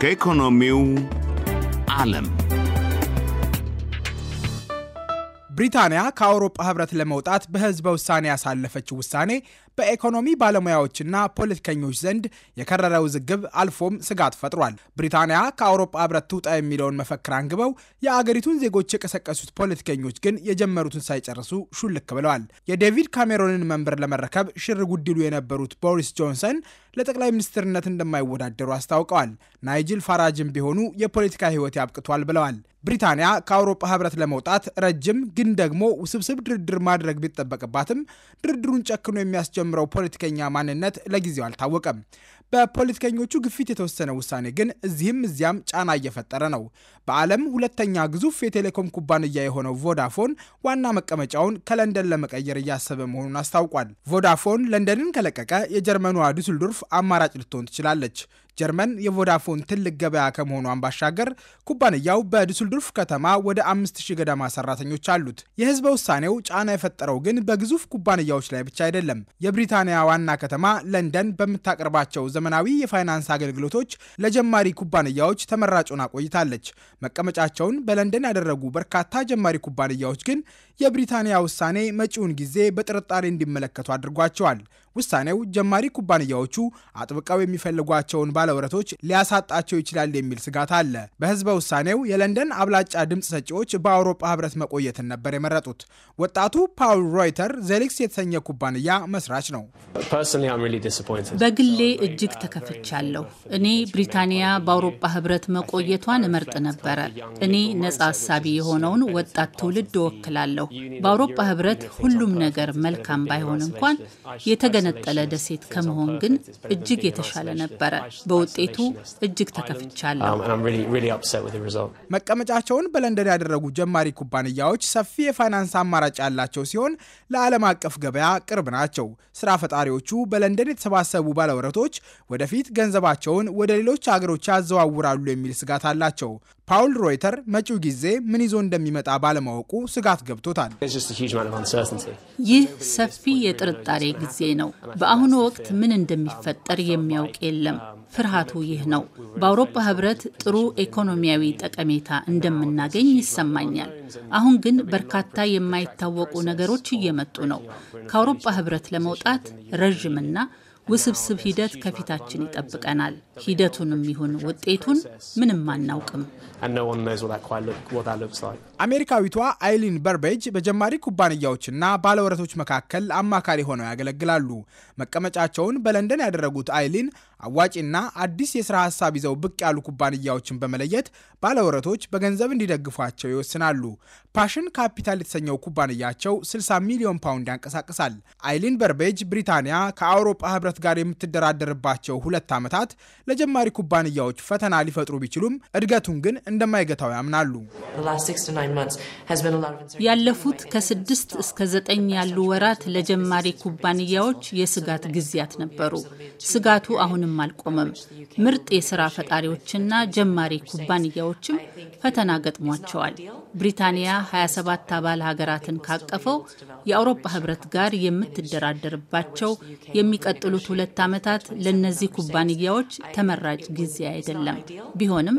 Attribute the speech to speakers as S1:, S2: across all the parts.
S1: ከኢኮኖሚው ዓለም ብሪታንያ ከአውሮፓ ህብረት ለመውጣት በህዝበ ውሳኔ ያሳለፈችው ውሳኔ በኢኮኖሚ ባለሙያዎችና ፖለቲከኞች ዘንድ የከረረ ውዝግብ አልፎም ስጋት ፈጥሯል። ብሪታንያ ከአውሮፓ ህብረት ትውጣ የሚለውን መፈክር አንግበው የአገሪቱን ዜጎች የቀሰቀሱት ፖለቲከኞች ግን የጀመሩትን ሳይጨርሱ ሹልክ ብለዋል። የዴቪድ ካሜሮንን መንበር ለመረከብ ሽር ጉድሉ የነበሩት ቦሪስ ጆንሰን ለጠቅላይ ሚኒስትርነት እንደማይወዳደሩ አስታውቀዋል። ናይጅል ፋራጅም ቢሆኑ የፖለቲካ ሕይወት ያብቅቷል ብለዋል። ብሪታንያ ከአውሮፓ ህብረት ለመውጣት ረጅም ግን ደግሞ ውስብስብ ድርድር ማድረግ ቢጠበቅባትም ድርድሩን ጨክኖ የሚያስጀ የሚጀምረው ፖለቲከኛ ማንነት ለጊዜው አልታወቀም። በፖለቲከኞቹ ግፊት የተወሰነ ውሳኔ ግን እዚህም እዚያም ጫና እየፈጠረ ነው። በዓለም ሁለተኛ ግዙፍ የቴሌኮም ኩባንያ የሆነው ቮዳፎን ዋና መቀመጫውን ከለንደን ለመቀየር እያሰበ መሆኑን አስታውቋል። ቮዳፎን ለንደንን ከለቀቀ የጀርመኗ ዱስልዶርፍ አማራጭ ልትሆን ትችላለች። ጀርመን የቮዳፎን ትልቅ ገበያ ከመሆኗን ባሻገር ኩባንያው በዱስልዶርፍ ከተማ ወደ አምስት ሺህ ገደማ ሰራተኞች አሉት። የህዝበ ውሳኔው ጫና የፈጠረው ግን በግዙፍ ኩባንያዎች ላይ ብቻ አይደለም። የብሪታንያ ዋና ከተማ ለንደን በምታቀርባቸው ዘመናዊ የፋይናንስ አገልግሎቶች ለጀማሪ ኩባንያዎች ተመራጭ ሆና ቆይታለች። መቀመጫቸውን በለንደን ያደረጉ በርካታ ጀማሪ ኩባንያዎች ግን የብሪታንያ ውሳኔ መጪውን ጊዜ በጥርጣሬ እንዲመለከቱ አድርጓቸዋል። ውሳኔው ጀማሪ ኩባንያዎቹ አጥብቀው የሚፈልጓቸውን ባለውረቶች ሊያሳጣቸው ይችላል የሚል ስጋት አለ። በህዝበ ውሳኔው የለንደን አብላጫ ድምፅ ሰጪዎች በአውሮፓ ህብረት መቆየትን ነበር የመረጡት። ወጣቱ ፓውል ሮይተር ዜሊክስ የተሰኘ ኩባንያ መስራች ነው።
S2: በግሌ እጅግ ተከፍቻለሁ። እኔ ብሪታንያ በአውሮፓ ህብረት መቆየቷን እመርጥ ነበረ። እኔ ነጻ ሀሳቢ የሆነውን ወጣት ትውልድ እወክላለሁ። በአውሮፓ ህብረት ሁሉም ነገር መልካም ባይሆን እንኳን የተገ የተገነጠለ ደሴት ከመሆን ግን እጅግ የተሻለ ነበረ። በውጤቱ እጅግ ተከፍቻለሁ።
S1: um, መቀመጫቸውን በለንደን ያደረጉ ጀማሪ ኩባንያዎች ሰፊ የፋይናንስ አማራጭ ያላቸው ሲሆን ለዓለም አቀፍ ገበያ ቅርብ ናቸው። ስራ ፈጣሪዎቹ በለንደን የተሰባሰቡ ባለውረቶች ወደፊት ገንዘባቸውን ወደ ሌሎች ሀገሮች ያዘዋውራሉ የሚል ስጋት አላቸው። ፓውል ሮይተር መጪው ጊዜ ምን ይዞ እንደሚመጣ ባለማወቁ ስጋት ገብቶታል።
S2: ይህ ሰፊ የጥርጣሬ ጊዜ ነው። በአሁኑ ወቅት ምን እንደሚፈጠር የሚያውቅ የለም። ፍርሃቱ ይህ ነው። በአውሮፓ ህብረት ጥሩ ኢኮኖሚያዊ ጠቀሜታ እንደምናገኝ ይሰማኛል። አሁን ግን በርካታ የማይታወቁ ነገሮች እየመጡ ነው። ከአውሮፓ ህብረት ለመውጣት ረዥምና ውስብስብ ሂደት ከፊታችን ይጠብቀናል። ሂደቱንም ይሁን ውጤቱን ምንም አናውቅም።
S1: አሜሪካዊቷ አይሊን በርቤጅ በጀማሪ ኩባንያዎችና ባለወረቶች መካከል አማካሪ ሆነው ያገለግላሉ። መቀመጫቸውን በለንደን ያደረጉት አይሊን አዋጪና አዲስ የስራ ሀሳብ ይዘው ብቅ ያሉ ኩባንያዎችን በመለየት ባለወረቶች በገንዘብ እንዲደግፏቸው ይወስናሉ። ፓሽን ካፒታል የተሰኘው ኩባንያቸው 60 ሚሊዮን ፓውንድ ያንቀሳቅሳል። አይሊን በርቤጅ ብሪታንያ ከአውሮፓ ህብረት ጋር የምትደራደርባቸው ሁለት ዓመታት ለጀማሪ ኩባንያዎች ፈተና ሊፈጥሩ ቢችሉም እድገቱን ግን እንደማይገታው ያምናሉ። ያለፉት ከስድስት
S2: እስከ ዘጠኝ ያሉ ወራት ለጀማሪ ኩባንያዎች የስጋት ጊዜያት ነበሩ። ስጋቱ አሁንም አልቆመም። ምርጥ የስራ ፈጣሪዎችና ጀማሪ ኩባንያዎችም ፈተና ገጥሟቸዋል። ብሪታንያ 27 አባል ሀገራትን ካቀፈው የአውሮፓ ህብረት ጋር የምትደራደርባቸው የሚቀጥሉት ሁለት ዓመታት ለእነዚህ ኩባንያዎች ተመራጭ ጊዜ አይደለም። ቢሆንም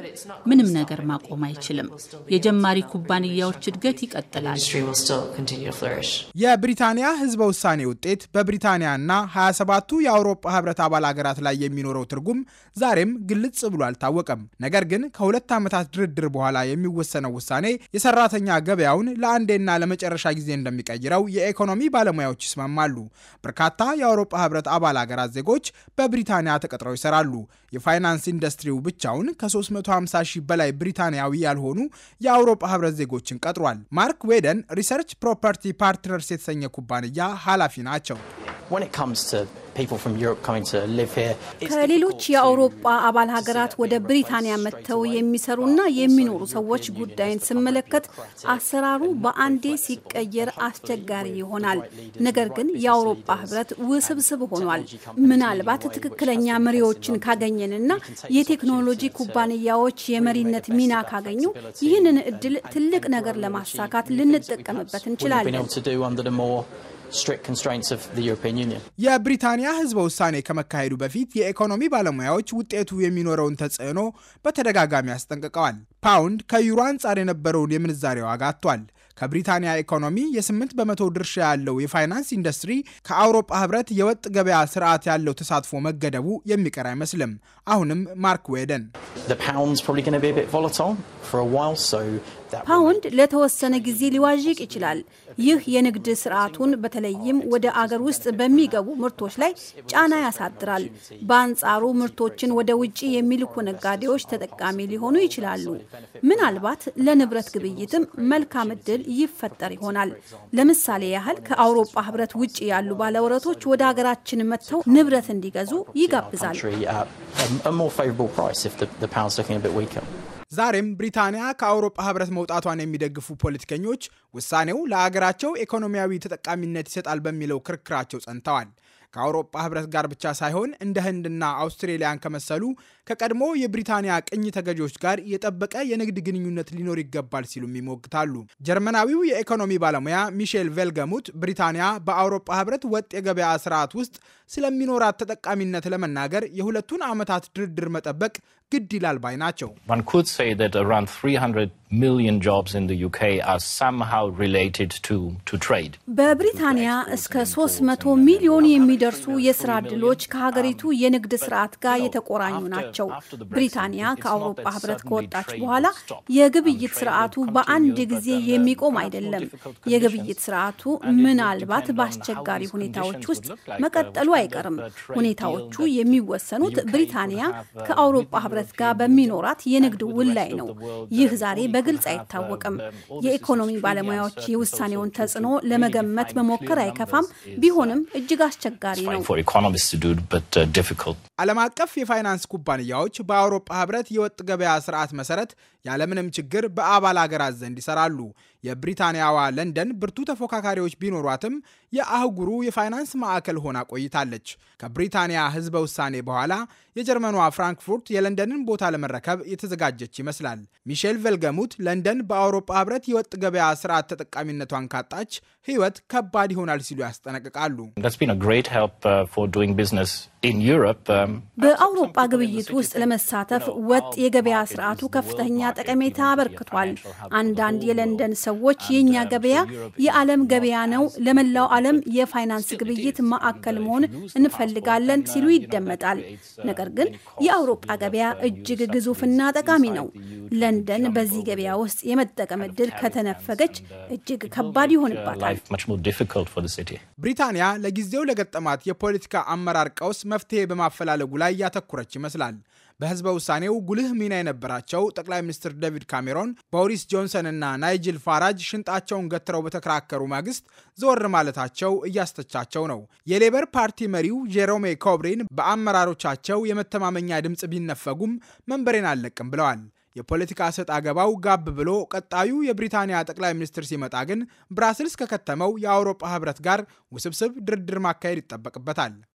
S2: ምንም ነገር ማቆም አይችልም። የጀማሪ ኩባንያዎች እድገት ይቀጥላል።
S1: የብሪታንያ ህዝበ ውሳኔ ውጤት በብሪታንያና 27ቱ የአውሮፓ ህብረት አባል ሀገራት ላይ የሚኖረው ትርጉም ዛሬም ግልጽ ብሎ አልታወቀም። ነገር ግን ከሁለት ዓመታት ድርድር በኋላ የሚወሰነው ውሳኔ የሰራተኛ ገበያውን ለአንዴና ለመጨረሻ ጊዜ እንደሚቀይረው የኢኮኖሚ ባለሙያዎች ይስማማሉ። በርካታ የአውሮፓ ህብረት አባል አገራት ዜጎች በብሪታንያ ተቀጥረው ይሰራሉ። የፋይናንስ ኢንዱስትሪው ብቻውን ከ350 ሺህ በላይ ብሪታንያዊ ያልሆኑ የአውሮፓ ህብረት ዜጎችን ቀጥሯል። ማርክ ዌደን ሪሰርች ፕሮፐርቲ ፓርትነርስ የተሰኘ ኩባንያ ኃላፊ ናቸው።
S3: ከሌሎች የአውሮፓ አባል ሀገራት ወደ ብሪታንያ መጥተው የሚሰሩና የሚኖሩ ሰዎች ጉዳይን ስመለከት አሰራሩ በአንዴ ሲቀየር አስቸጋሪ ይሆናል። ነገር ግን የአውሮፓ ህብረት ውስብስብ ሆኗል። ምናልባት ትክክለኛ መሪዎችን ካገኘንና የቴክኖሎጂ ኩባንያዎች የመሪነት ሚና ካገኙ ይህንን እድል ትልቅ ነገር ለማሳካት ልንጠቀምበት እንችላለን።
S1: የብሪታንያ ህዝበ ውሳኔ ከመካሄዱ በፊት የኢኮኖሚ ባለሙያዎች ውጤቱ የሚኖረውን ተጽዕኖ በተደጋጋሚ አስጠንቅቀዋል። ፓውንድ ከዩሮ አንጻር የነበረውን የምንዛሬ ዋጋ አጥቷል። ከብሪታንያ ኢኮኖሚ የ8 በመቶ ድርሻ ያለው የፋይናንስ ኢንዱስትሪ ከአውሮፓ ህብረት የወጥ ገበያ ስርዓት ያለው ተሳትፎ መገደቡ የሚቀር አይመስልም። አሁንም ማርክ ዌደን
S3: ፓውንድ ለተወሰነ ጊዜ ሊዋዥቅ ይችላል። ይህ የንግድ ስርዓቱን በተለይም ወደ አገር ውስጥ በሚገቡ ምርቶች ላይ ጫና ያሳድራል። በአንጻሩ ምርቶችን ወደ ውጭ የሚልኩ ነጋዴዎች ተጠቃሚ ሊሆኑ ይችላሉ። ምናልባት ለንብረት ግብይትም መልካም እድል ይፈጠር ይሆናል። ለምሳሌ ያህል ከአውሮፓ ህብረት ውጭ ያሉ ባለውረቶች ወደ ሀገራችን መጥተው ንብረት እንዲገዙ
S1: ይጋብዛል። ዛሬም ብሪታንያ ከአውሮፓ ህብረት መውጣቷን የሚደግፉ ፖለቲከኞች ውሳኔው ለአገራቸው ኢኮኖሚያዊ ተጠቃሚነት ይሰጣል በሚለው ክርክራቸው ጸንተዋል። ከአውሮፓ ህብረት ጋር ብቻ ሳይሆን እንደ ህንድና አውስትሬሊያን ከመሰሉ ከቀድሞ የብሪታንያ ቅኝ ተገዢዎች ጋር የጠበቀ የንግድ ግንኙነት ሊኖር ይገባል ሲሉም ይሞግታሉ። ጀርመናዊው የኢኮኖሚ ባለሙያ ሚሼል ቬልገሙት ብሪታንያ በአውሮፓ ህብረት ወጥ የገበያ ስርዓት ውስጥ ስለሚኖራት ተጠቃሚነት ለመናገር የሁለቱን ዓመታት ድርድር መጠበቅ ግድ ይላል ባይ ናቸው።
S3: በብሪታንያ እስከ 300 ሚሊዮን የሚደርሱ የስራ ዕድሎች ከሀገሪቱ የንግድ ስርዓት ጋር የተቆራኙ ናቸው። ናቸው። ብሪታንያ ከአውሮፓ ህብረት ከወጣች በኋላ የግብይት ስርዓቱ በአንድ ጊዜ የሚቆም አይደለም። የግብይት ስርዓቱ ምናልባት በአስቸጋሪ ሁኔታዎች ውስጥ uh, መቀጠሉ አይቀርም። ሁኔታዎቹ የሚወሰኑት ብሪታንያ uh, ከአውሮፓ ህብረት ጋር በሚኖራት የንግድ ውል ላይ ነው። ይህ uh, ዛሬ በግልጽ አይታወቅም። የኢኮኖሚ ባለሙያዎች የውሳኔውን ተጽዕኖ
S1: ለመገመት መሞከር አይከፋም። ቢሆንም እጅግ አስቸጋሪ ነው። ዓለም አቀፍ የፋይናንስ ኩባንያ ኩባንያዎች በአውሮፓ ህብረት የወጥ ገበያ ስርዓት መሰረት ያለምንም ችግር በአባል አገራት ዘንድ ይሰራሉ። የብሪታንያዋ ለንደን ብርቱ ተፎካካሪዎች ቢኖሯትም የአህጉሩ የፋይናንስ ማዕከል ሆና ቆይታለች። ከብሪታንያ ህዝበ ውሳኔ በኋላ የጀርመኗ ፍራንክፉርት የለንደንን ቦታ ለመረከብ የተዘጋጀች ይመስላል። ሚሼል ቬልገሙት ለንደን በአውሮፓ ህብረት የወጥ ገበያ ስርዓት ተጠቃሚነቷን ካጣች ህይወት ከባድ ይሆናል ሲሉ ያስጠነቅቃሉ። uh, um,
S3: በአውሮፓ ግብይት ውስጥ ለመሳተፍ ወጥ የገበያ ስርዓቱ ከፍተኛ ጠቀሜታ አበርክቷል። አንዳንድ የለንደን ሰው ሰዎች የእኛ uh, ገበያ የዓለም ገበያ ነው፣ ለመላው ዓለም የፋይናንስ ግብይት uh, ማዕከል መሆን እንፈልጋለን uh, ሲሉ ይደመጣል። ነገር ግን የአውሮጳ ገበያ እጅግ ግዙፍና ጠቃሚ ነው። ለንደን
S1: በዚህ ገበያ ውስጥ የመጠቀም እድል ከተነፈገች እጅግ ከባድ ይሆንባታል። ብሪታንያ ለጊዜው ለገጠማት የፖለቲካ አመራር ቀውስ መፍትሄ በማፈላለጉ ላይ ያተኩረች ይመስላል። በህዝበ ውሳኔው ጉልህ ሚና የነበራቸው ጠቅላይ ሚኒስትር ዴቪድ ካሜሮን ቦሪስ ጆንሰን እና ናይጅል ፋራጅ ሽንጣቸውን ገትረው በተከራከሩ ማግስት ዘወር ማለታቸው እያስተቻቸው ነው። የሌበር ፓርቲ መሪው ጄሮሜ ኮብሪን በአመራሮቻቸው የመተማመኛ ድምፅ ቢነፈጉም መንበሬን አልለቅም ብለዋል። የፖለቲካ ሰጥ አገባው ጋብ ብሎ ቀጣዩ የብሪታንያ ጠቅላይ ሚኒስትር ሲመጣ ግን ብራስልስ ከከተመው የአውሮፓ ህብረት ጋር ውስብስብ ድርድር ማካሄድ ይጠበቅበታል።